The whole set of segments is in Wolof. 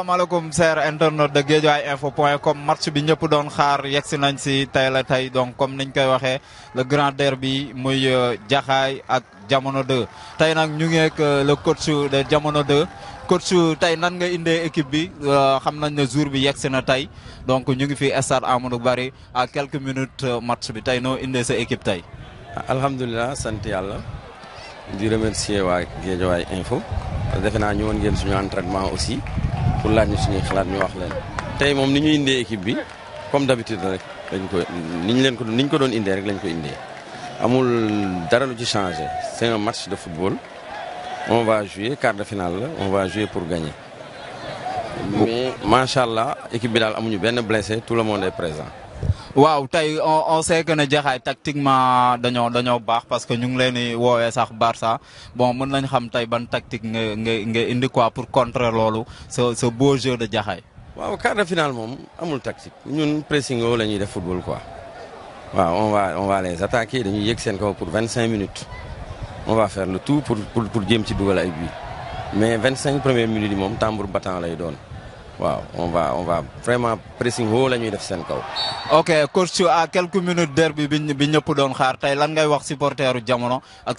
asalaamaaleykum cher internaute de Guédiawaye info point com match bi ñëpp doon xaar yegsi nañ si tey la tey donc comme niñ koy waxee le grand derby muy euh, Jaxaay ak Jamono 2 tey nag ñu ngeek euh, le coach de Jamono 2 coach tey nan nga indee équipe bi euh, xam nañ ne jour bi yegsi na tey donc ñu ngi fi stade Amadou Barry à quelques minutes match bi tey noo indee sa équipe tey. alhamdulilah sant yàlla. di remercier waa Guédiawaye info defe naa ñëwoon ngeen suñu entraitement aussi. pour laaj ñu suñuy xalaat ñu wax leen tey moom ni équipe bi comme d'habitude rek lañ ko ni ñu leen ko ni ñu ko doon rek lañ ko amul dara lu ci c'est un match de football on va jouer quart de finale on va jouer pour gagner mais macha équipe bi daal amuñu benn blessé tout le monde est présent waaw tay, on on sait que ne Jaxaay tactiquement dañoo dañoo baax parce que ñu ngi leen di woowee sax Barça bon mën nañ xam tay ban tactique nga nga indi quoi pour contrer lolu ce ce beau jeu de Jaxaay. waaw quart de finale moom amul tactique ñun pressing wo lañuy def football quoi waaw on va on va les attaquer dañuy yek sen kaw pour vingt cinq minutes on va faire le tout pour pour pour jéem ci dougal ay bi. mais vingt cinq premières minutes mom tambour battant lay doon on va on va vraiment pressing la ok coach à quelques minutes derby bi ñëpp doon xaar tey lan ngay wax supporteru jamono ak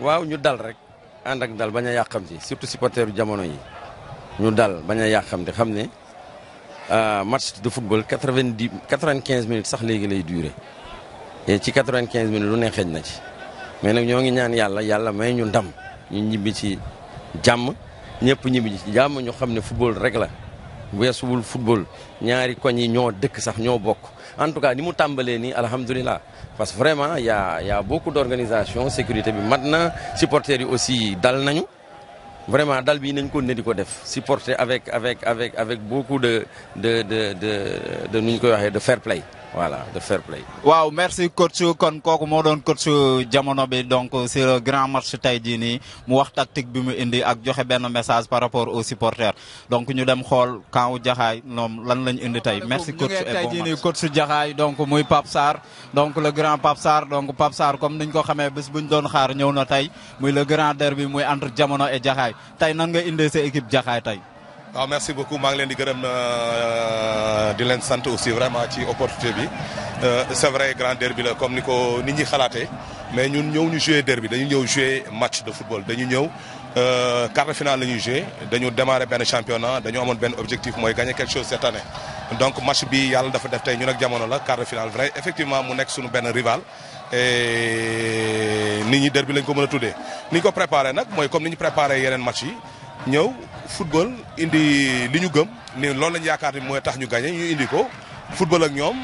waaw ñu dal rek de dal sommes a surtout jamono yi ñu dal euh, match de football quatre vingt minutes et ci minutes lu na nous mais nous, Nous ñaan Nous may ñepp ñibbi ci ñu xamné football rek la weesuwul football ñaari koñ yi ñoo dëkk sax ñoo bok en tout cas ni mu tambalé ni alhamdoulillah parce vraiment il y' a il y' a beaucoup d'organisation sécurité bi matna supporters yi aussi dal nañu. vraiment dal bi nañ ko ne di ko def supporter avec avec avec avec beaucoup de de de de de nuñ koy waxee de fair play voilà de fair play. Wow, merci coach kon koku mo don coach jamono bi donc c'est le grand match tey jii mu wax tactique bi mu indi ak joxe ben message par rapport aux supporters donc ñu dem quand camp Jaxaay non lan lañ indi tay merci coach et bon match coach Jaxaay donc muy Pape sar donc le grand Pape sar donc Pape sar comme niñ ko xamé bës buñ doon xaar ñëw na tey muy le grand derby muy entre jamono et Jaxaay tay nan nga indee sa équipe Jaxaay tay ah merci beaucoup maa ngi de di gërëm euh, di leen sant aussi vraiment ci opportunité bi euh, c'est vrai grand derby là, comme ni ko nit mais nous ñëw ñu jouer derby dañu ñëw jouer match de football dañu euh, quart de finale nous ñuy jouer dañu démarrer championnat dañu avons bien objectif de gagner quelque chose cette année. donc match bi yàlla dafa def tey ñun ak la quart de finale vrai effectivement mu sommes suñu benn rival. et nit ñi derby lañ ko mën a tuddee ni ñu ko préparé comme nous ñu préparé le match ñëw football indi li ñu gëm ni loolu lañ yaakaar ni mooy tax ñu gagné ñu indi ko football ak ñoom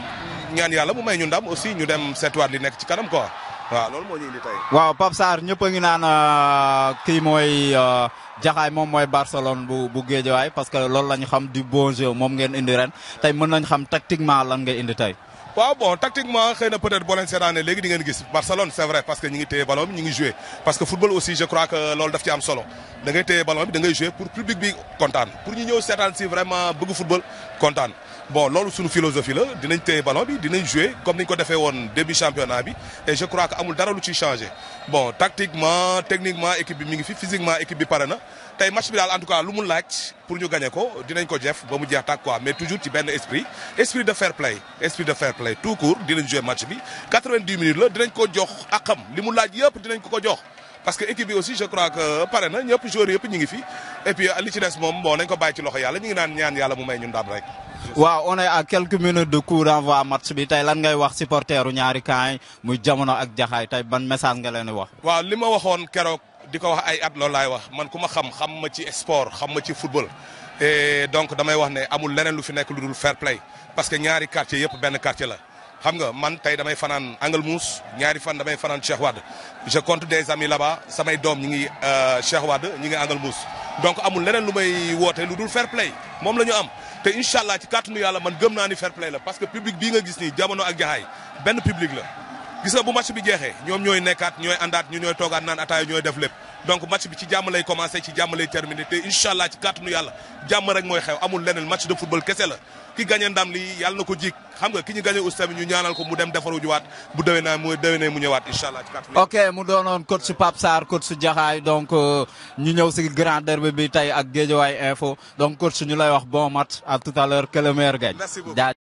ñaan yàlla mu may ñu ndam aussi ñu dem seetuwaat li nekk ci kanam quoi waa loolu moo ñu indi tey. waaw Pape Sarr ñëpp a ngi naan euh, kii mooy euh, Jaxaay moom mooy Barcelone bu bu Géejawaay parce que loolu la ñu xam di bon moom ngeen indi ren tey mën nañ xam tactiquement lan nga indi tey. bon tactiquement xëy peut-être bon en seetaanee di Barcelone c'est vrai parce que nous ngi téye ballon nous ñi ngi jouer parce que football aussi je crois que l'OL daf ci am solo Nous ngay des ballon nous da ngay jouer pour public content. pour nous, ñëw seetaan vraiment bëgg football content bon c'est suñu philosophie la dinañ des ballon bi avons joué. comme nous avons fait un début début championnat et je crois que amul dara lu changé bon tactiquement techniquement équipe physiquement équipe bi Tay match bi daal en tout cas lu mu laaj pour ñu gagné ko dinañ ko jëf ba mu jeex tàkk quoi mais toujours ci benn esprit esprit de fair play esprit de fair play tout court dinañ jouer match bi 90 minutes la dinañ ko jox akam li mu laaj yëpp dinañ ko ko jox parce que équipe bi aussi je crois que paré na ñëpp joueur yëpp ñu ngi fi et puis li ci dess mom bon nañ ko bay ci loxo yalla ñu ngi naan ñaan yalla mu may ñun ndam rek waaw on est à quelques minutes de coup d'envoi match bi tay lan ngay wax supporteru ñaari camp muy jamono ak jaxay tay ban message nga leen wax waaw lima waxon kérok di ko wax ay at loolu laay wax man ku ma xam xam ma ci sport xam ma ci football et donc damay wax ne amul leneen lu fi nekk lu dul fair play parce que ñaari quartier yëpp benn quartier la xam nga man tey damay fanaan Angle Mousse ñaari fan damay fanaan Cheikh Wade je compte des amis là-bas samay doom ñi ngi euh, Cheikh Wade ñi ngi Angle Mousse donc amul leneen lu may woote lu dul fair play moom lañu am te incha allah ci kàttanu yàlla man gëm naa ni fair play la parce que public bii nga gis nii jamono ak jaxaay benn public la gis bu match bi jeexe ñoom ñooy nekkaat ñooy àndaat ñu ñooy toogaat naan ataaya ñooy def lépp donc match bi ci jàmm lay commencé ci jàmm lay terminé te incha allah ci kàttanu yàlla jàmm rek mooy xew amul leneen match de football kese la ki gagné ndam li yàlla na ko jiik xam nga ki ñu gagné aussi tamit ñu ñaanal ko mu dem defaru juwaat bu déwé naa mu déwénee mu ñëwaat incha allah ci kàttanu ok mu doonoon coach su Pape Sarr coach Jaxaay donc euh, ñu ñëw si grand derby bi tey ak Guédiawaye info donc coach ñu lay wax bon match à tout à l'heure